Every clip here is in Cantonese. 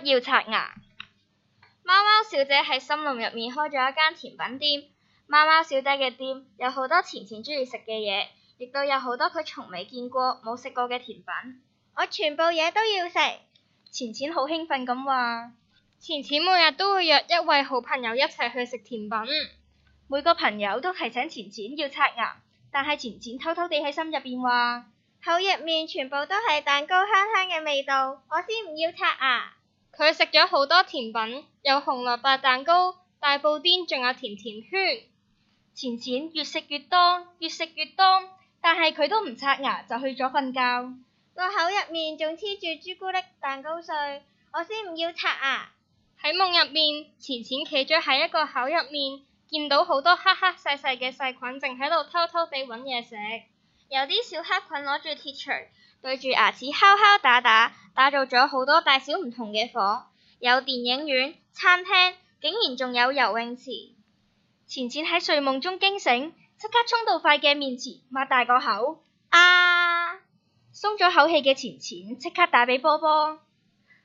不要刷牙。貓貓小姐喺森林入面開咗一間甜品店，貓貓小姐嘅店有好多錢錢鍾意食嘅嘢，亦都有好多佢從未見過、冇食過嘅甜品。我全部嘢都要食。錢錢好興奮咁話。錢錢每日都會約一位好朋友一齊去食甜品。嗯、每個朋友都提醒錢錢要刷牙，但係錢錢偷偷地喺心入邊話：口入面全部都係蛋糕香香嘅味道，我先唔要刷牙。佢食咗好多甜品，有紅蘿蔔蛋糕、大布甸，仲有甜甜圈。錢錢越食越多，越食越多，但係佢都唔刷牙就去咗瞓覺。個口入面仲黐住朱古力蛋糕碎，我先唔要刷牙。喺夢入面，錢錢企咗喺一個口入面，見到好多黑黑細細嘅細菌，正喺度偷偷地揾嘢食。有啲小黑菌攞住鐵錘。.對住牙齒敲敲打打，打造咗好多大小唔同嘅房，有電影院、餐廳，竟然仲有游泳池。錢錢喺睡夢中驚醒，即刻衝到塊鏡面前，擘大個口，啊！鬆咗口氣嘅錢錢，即刻打畀波波。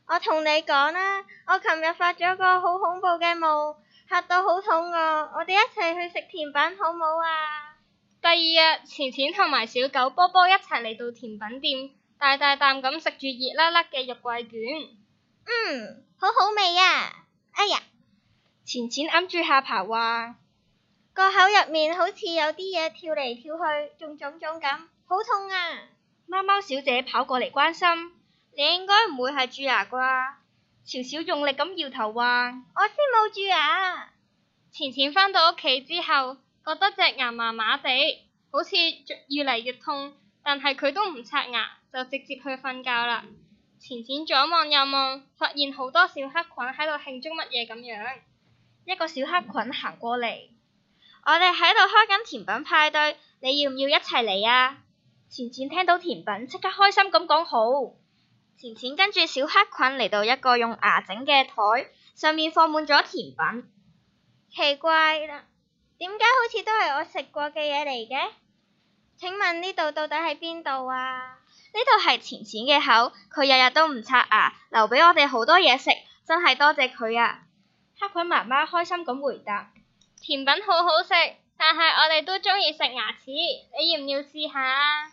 我同你講啦，啊，我琴日發咗個好恐怖嘅夢，吓到好肚餓，我哋一齊去食甜品好唔好啊？第二日，錢錢同埋小狗波波一齊嚟到甜品店，大大啖咁食住熱辣辣嘅肉桂卷。嗯，好好味啊！哎呀，錢錢揞住下巴話，個口入面好似有啲嘢跳嚟跳去，仲腫腫咁，好痛啊！貓貓小姐跑過嚟關心，你應該唔會係蛀牙啩？朝小，小用力咁搖頭話，我先冇蛀牙。錢錢返到屋企之後。覺得隻牙麻麻地，好似越嚟越痛，但係佢都唔刷牙，就直接去瞓覺啦。錢錢左望右望，發現好多小黑菌喺度慶祝乜嘢咁樣。一個小黑菌行過嚟，嗯、我哋喺度開緊甜品派對，你要唔要一齊嚟啊？錢錢聽到甜品，即刻開心咁講好。錢錢跟住小黑菌嚟到一個用牙整嘅枱，上面放滿咗甜品。奇怪啦～好似都係我食過嘅嘢，嚟嘅。請問呢度到底喺邊度啊？呢度係錢錢嘅口，佢日日都唔刷牙，留俾我哋好多嘢食，真係多謝佢啊！黑菌媽媽開心咁回答：甜品好好食，但係我哋都鍾意食牙齒。你要唔要試下啊？」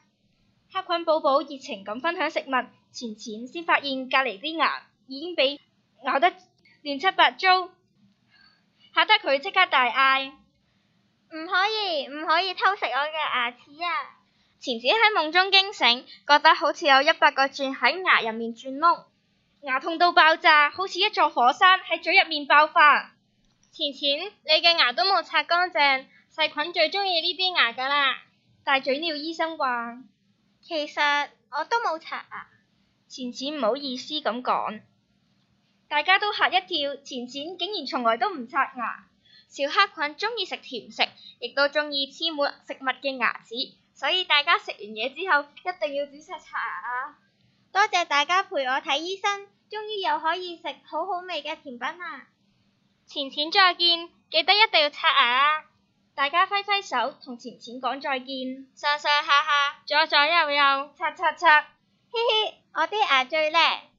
黑菌寶寶熱情咁分享食物，錢錢先發現隔籬啲牙已經俾咬得亂七八糟，吓得佢即刻大嗌。唔可以，唔可以偷食我嘅牙齒啊！錢錢喺夢中驚醒，覺得好似有一百個鑽喺牙入面轉窿，牙痛到爆炸，好似一座火山喺嘴入面爆發。錢錢，你嘅牙都冇刷乾淨，細菌最鍾意呢邊牙噶啦。大嘴鳥醫生話，其實我都冇刷牙。錢錢唔好意思咁講，大家都嚇一跳，錢錢竟然從來都唔刷牙。小黑菌鍾意食甜食，亦都鍾意黐滿食物嘅牙齒，所以大家食完嘢之後一定要仔細刷牙啊！多謝大家陪我睇醫生，終於又可以食好好味嘅甜品啦！錢錢再見，記得一定要刷牙啊！大家揮揮手同錢錢講再見，上上下下左左右右刷刷刷，嘻嘻，我啲牙最叻。